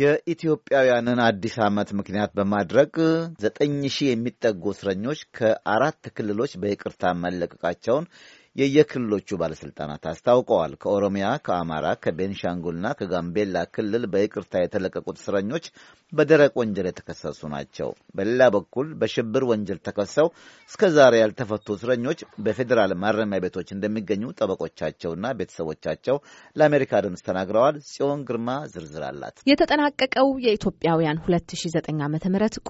የኢትዮጵያውያንን አዲስ ዓመት ምክንያት በማድረግ ዘጠኝ ሺህ የሚጠጉ እስረኞች ከአራት ክልሎች በይቅርታ መለቀቃቸውን የየክልሎቹ ባለሥልጣናት አስታውቀዋል። ከኦሮሚያ፣ ከአማራ፣ ከቤንሻንጉልና ከጋምቤላ ክልል በይቅርታ የተለቀቁት እስረኞች በደረቅ ወንጀል የተከሰሱ ናቸው። በሌላ በኩል በሽብር ወንጀል ተከሰው እስከ ዛሬ ያልተፈቱ እስረኞች በፌዴራል ማረሚያ ቤቶች እንደሚገኙ ጠበቆቻቸውና ቤተሰቦቻቸው ለአሜሪካ ድምፅ ተናግረዋል። ጽዮን ግርማ ዝርዝር አላት። የተጠናቀቀው የኢትዮጵያውያን 2009 ዓ ም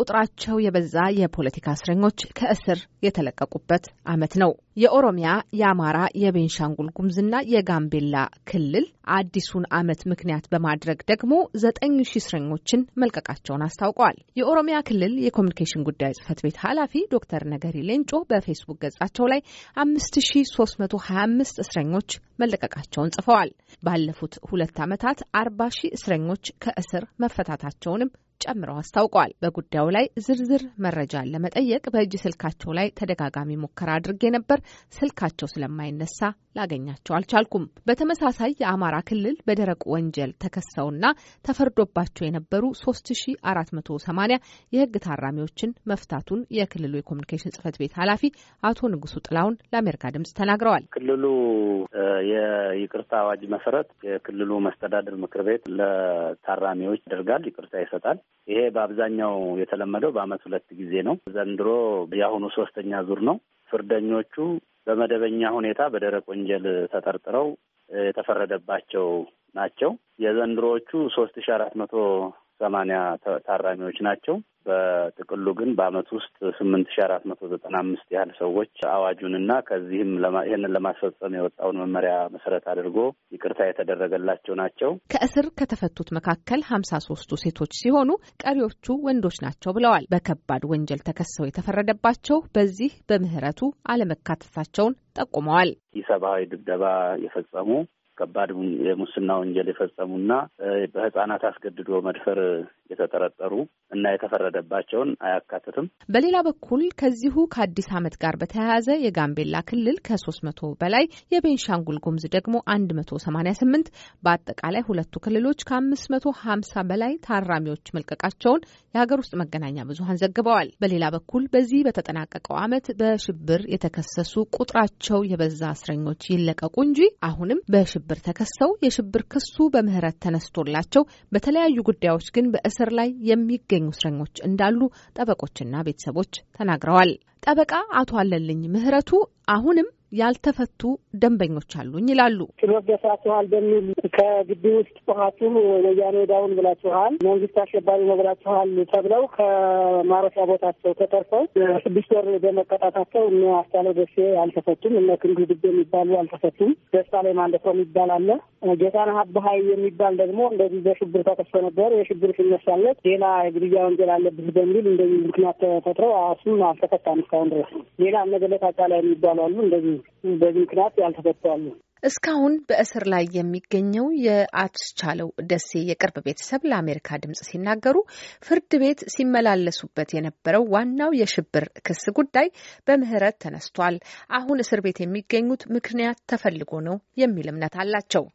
ቁጥራቸው የበዛ የፖለቲካ እስረኞች ከእስር የተለቀቁበት ዓመት ነው። የኦሮሚያ፣ የአማራ፣ የቤንሻንጉል ጉምዝና የጋምቤላ ክልል አዲሱን ዓመት ምክንያት በማድረግ ደግሞ ዘጠኝ ሺ እስረኞችን መልቀቃቸውን አስታውቀዋል። የኦሮሚያ ክልል የኮሚኒኬሽን ጉዳይ ጽህፈት ቤት ኃላፊ ዶክተር ነገሪ ሌንጮ በፌስቡክ ገጻቸው ላይ አምስት ሺ ሶስት መቶ ሀያ አምስት እስረኞች መለቀቃቸውን ጽፈዋል። ባለፉት ሁለት ዓመታት አርባ ሺህ እስረኞች ከእስር መፈታታቸውንም ጨምረው አስታውቀዋል። በጉዳዩ ላይ ዝርዝር መረጃን ለመጠየቅ በእጅ ስልካቸው ላይ ተደጋጋሚ ሙከራ አድርጌ ነበር። ስልካቸው ስለማይነሳ ላገኛቸው አልቻልኩም። በተመሳሳይ የአማራ ክልል በደረቅ ወንጀል ተከሰውና ተፈርዶባቸው የነበሩ 3480 የህግ ታራሚዎችን መፍታቱን የክልሉ የኮሚኒኬሽን ጽህፈት ቤት ኃላፊ አቶ ንጉሱ ጥላውን ለአሜሪካ ድምጽ ተናግረዋል። ክልሉ የይቅርታ አዋጅ መሰረት የክልሉ መስተዳድር ምክር ቤት ለታራሚዎች ያደርጋል፣ ይቅርታ ይሰጣል። ይሄ በአብዛኛው የተለመደው በአመት ሁለት ጊዜ ነው። ዘንድሮ የአሁኑ ሶስተኛ ዙር ነው። ፍርደኞቹ በመደበኛ ሁኔታ በደረቅ ወንጀል ተጠርጥረው የተፈረደባቸው ናቸው። የዘንድሮዎቹ ሶስት ሺ አራት መቶ ሰማንያ ታራሚዎች ናቸው። በጥቅሉ ግን በአመት ውስጥ ስምንት ሺ አራት መቶ ዘጠና አምስት ያህል ሰዎች አዋጁንና ከዚህም ይህንን ለማስፈጸም የወጣውን መመሪያ መሰረት አድርጎ ይቅርታ የተደረገላቸው ናቸው። ከእስር ከተፈቱት መካከል ሀምሳ ሶስቱ ሴቶች ሲሆኑ ቀሪዎቹ ወንዶች ናቸው ብለዋል። በከባድ ወንጀል ተከሰው የተፈረደባቸው በዚህ በምህረቱ አለመካተታቸውን ጠቁመዋል። ኢሰብአዊ ድብደባ የፈጸሙ ከባድ የሙስና ወንጀል የፈጸሙና በህጻናት አስገድዶ መድፈር የተጠረጠሩ እና የተፈረደባቸውን አያካትትም። በሌላ በኩል ከዚሁ ከአዲስ ዓመት ጋር በተያያዘ የጋምቤላ ክልል ከሶስት መቶ በላይ የቤንሻንጉል ጉምዝ ደግሞ አንድ መቶ ሰማኒያ ስምንት በአጠቃላይ ሁለቱ ክልሎች ከአምስት መቶ ሀምሳ በላይ ታራሚዎች መልቀቃቸውን የሀገር ውስጥ መገናኛ ብዙሀን ዘግበዋል። በሌላ በኩል በዚህ በተጠናቀቀው ዓመት በሽብር የተከሰሱ ቁጥራቸው የበዛ እስረኞች ይለቀቁ እንጂ አሁንም በሽ ሽብር ተከሰው የሽብር ክሱ በምህረት ተነስቶላቸው በተለያዩ ጉዳዮች ግን በእስር ላይ የሚገኙ እስረኞች እንዳሉ ጠበቆችና ቤተሰቦች ተናግረዋል። ጠበቃ አቶ አለልኝ ምህረቱ አሁንም ያልተፈቱ ደንበኞች አሉኝ ይላሉ። ጥሎት ደፍራችኋል በሚል ከግቢ ውስጥ ጽሁፋችሁ ወያኔ ዳውን ብላችኋል፣ መንግስት አሸባሪ ነው ብላችኋል ተብለው ከማረፊያ ቦታቸው ተጠርፈው ስድስት ወር በመቀጣታቸው እነ አስቻለው ደሴ አልተፈቱም፣ እነ ክንዱ ድቤ የሚባሉ አልተፈቱም። ደስታ ላይ ማለፈው ይባላለ ጌታነህ አብሀይ የሚባል ደግሞ እንደዚህ በሽብር ተከሶ ነበር። የሽብር ሲነሳለት ሌላ የግድያ ወንጀል አለብህ በሚል እንደዚህ ምክንያት ተፈጥሮ እሱም አልተፈታም እስካሁን ድረስ። ሌላ መገለጥ አቃላይ የሚባሉ አሉ። እንደዚህ በዚህ ምክንያት ያልተፈቱ አሉ። እስካሁን በእስር ላይ የሚገኘው የአስቻለው ደሴ የቅርብ ቤተሰብ ለአሜሪካ ድምጽ ሲናገሩ ፍርድ ቤት ሲመላለሱበት የነበረው ዋናው የሽብር ክስ ጉዳይ በምህረት ተነስቷል። አሁን እስር ቤት የሚገኙት ምክንያት ተፈልጎ ነው የሚል እምነት አላቸው።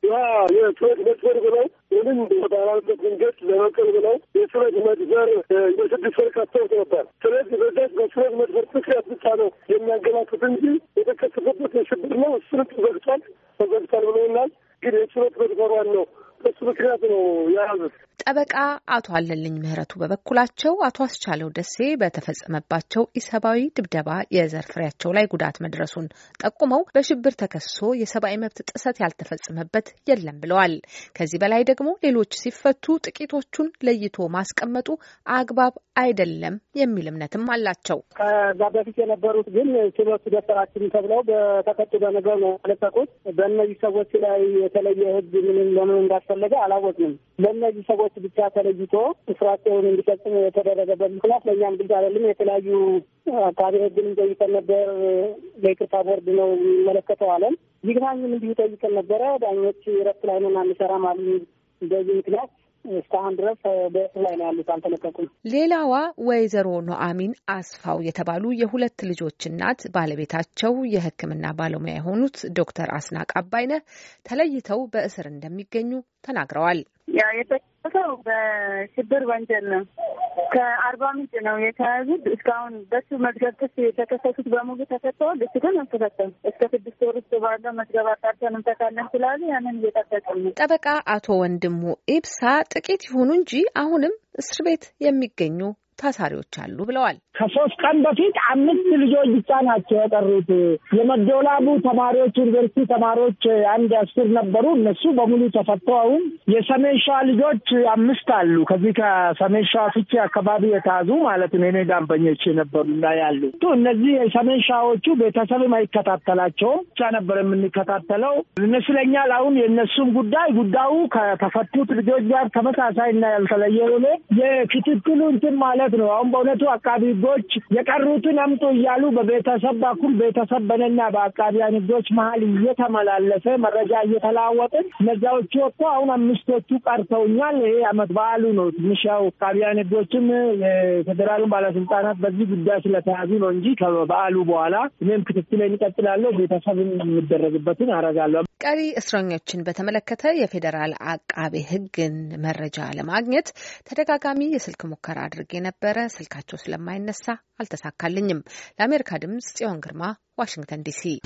ይህንም ወደ አራበት መንገድ ለመቀል ብለው የስረት መድፈር የስድስት ወር ካስተውት ነበር። ስለዚህ በዛት በስረት መድፈር ምክንያት ብቻ ነው የሚያንገላቱት እንጂ የተከሰሰበት የሽብር ነው። እሱን ተዘግቷል ተዘግቷል ብለውናል። ግን የስረት መድፈሯን ነው በሱ ምክንያት ነው የያዙት። ጠበቃ አቶ አለልኝ ምህረቱ በበኩላቸው አቶ አስቻለው ደሴ በተፈጸመባቸው ኢሰብአዊ ድብደባ የዘር ፍሬያቸው ላይ ጉዳት መድረሱን ጠቁመው በሽብር ተከሶ የሰብአዊ መብት ጥሰት ያልተፈጸመበት የለም ብለዋል። ከዚህ በላይ ደግሞ ሌሎች ሲፈቱ ጥቂቶቹን ለይቶ ማስቀመጡ አግባብ አይደለም የሚል እምነትም አላቸው። ከዛ በፊት የነበሩት ግን ችሎቱ ደፈራችን ተብለው በተቀጡ በነገር ነው ያለቀቁት። በእነዚህ ሰዎች ላይ የተለየ ህግ ምንም ለምን እንዳስፈለገ አላወቅንም። ለእነዚህ ሰዎች ብቻ ተለይቶ ስራቸውን እንዲቀጽም የተደረገበት ምክንያት ለእኛም ግልጽ አይደለም። የተለያዩ አካባቢ ህግንም ጠይቀን ነበር። በይቅርታ ቦርድ ነው የሚመለከተው አለን። ይግባኝም እንዲሁ ጠይቀን ነበረ። ዳኞች እረፍት ላይ ነን አንሰራም አሉ። በዚህ ምክንያት እስካሁን ድረስ በእስር ላይ ነው ያሉት፣ አልተለቀቁም። ሌላዋ ወይዘሮ ኖአሚን አስፋው የተባሉ የሁለት ልጆች እናት ባለቤታቸው የሕክምና ባለሙያ የሆኑት ዶክተር አስናቅ አባይነህ ተለይተው በእስር እንደሚገኙ ተናግረዋል። ያ የተሰው በሽብር ወንጀል ነው። ከአርባ ምንጭ ነው የተያዙት። እስካሁን በሱ መዝገብ ክስ የተከሰሱት በሙሉ ተፈተዋል። እሱ ግን አልተፈተም። እስከ ስድስት ወር ውስጥ ባለው መዝገብ አጣርተን እንፈታለን ስላሉ ያንን እየጠበቅን ነው። ጠበቃ አቶ ወንድሙ ኢብሳ ጥቂት ይሁኑ እንጂ አሁንም እስር ቤት የሚገኙ ታሳሪዎች አሉ ብለዋል። ከሶስት ቀን በፊት አምስት ልጆች ብቻ ናቸው የቀሩት። የመዶላቡ ተማሪዎች ዩኒቨርሲቲ ተማሪዎች አንድ አስር ነበሩ። እነሱ በሙሉ ተፈተው አሁን የሰሜን ሸዋ ልጆች አምስት አሉ። ከዚህ ከሰሜን ሸዋ ፍቼ አካባቢ የተያዙ ማለት ነው። እኔ ደንበኞች የነበሩ እና ያሉ እነዚህ የሰሜን ሸዋዎቹ ቤተሰብም አይከታተላቸውም ብቻ ነበር የምንከታተለው ይመስለኛል። አሁን የእነሱም ጉዳይ ጉዳዩ ከተፈቱት ልጆች ጋር ተመሳሳይ እና ያልተለየ ሆኖ የክትትሉ እንትን ማለት ማለት ነው። አሁን በእውነቱ አቃቢ ህጎች የቀሩትን አምጡ እያሉ በቤተሰብ በኩል ቤተሰብ በነና በአቃቢያን ህጎች መሀል እየተመላለሰ መረጃ እየተለዋወጥን እነዚያዎቹ እኮ አሁን አምስቶቹ ቀርተውኛል። ይሄ አመት በዓሉ ነው። ትንሽ ያው አቃቢያን ህጎችም የፌዴራሉን ባለስልጣናት በዚህ ጉዳይ ስለተያዙ ነው እንጂ ከበዓሉ በኋላ እኔም ክትትል እቀጥላለሁ። ቤተሰብ የሚደረግበትን አረጋለሁ። ቀሪ እስረኞችን በተመለከተ የፌዴራል አቃቤ ሕግን መረጃ ለማግኘት ተደጋጋሚ የስልክ ሙከራ አድርጌ ነበረ። ስልካቸው ስለማይነሳ አልተሳካልኝም። ለአሜሪካ ድምጽ ጽዮን ግርማ ዋሽንግተን ዲሲ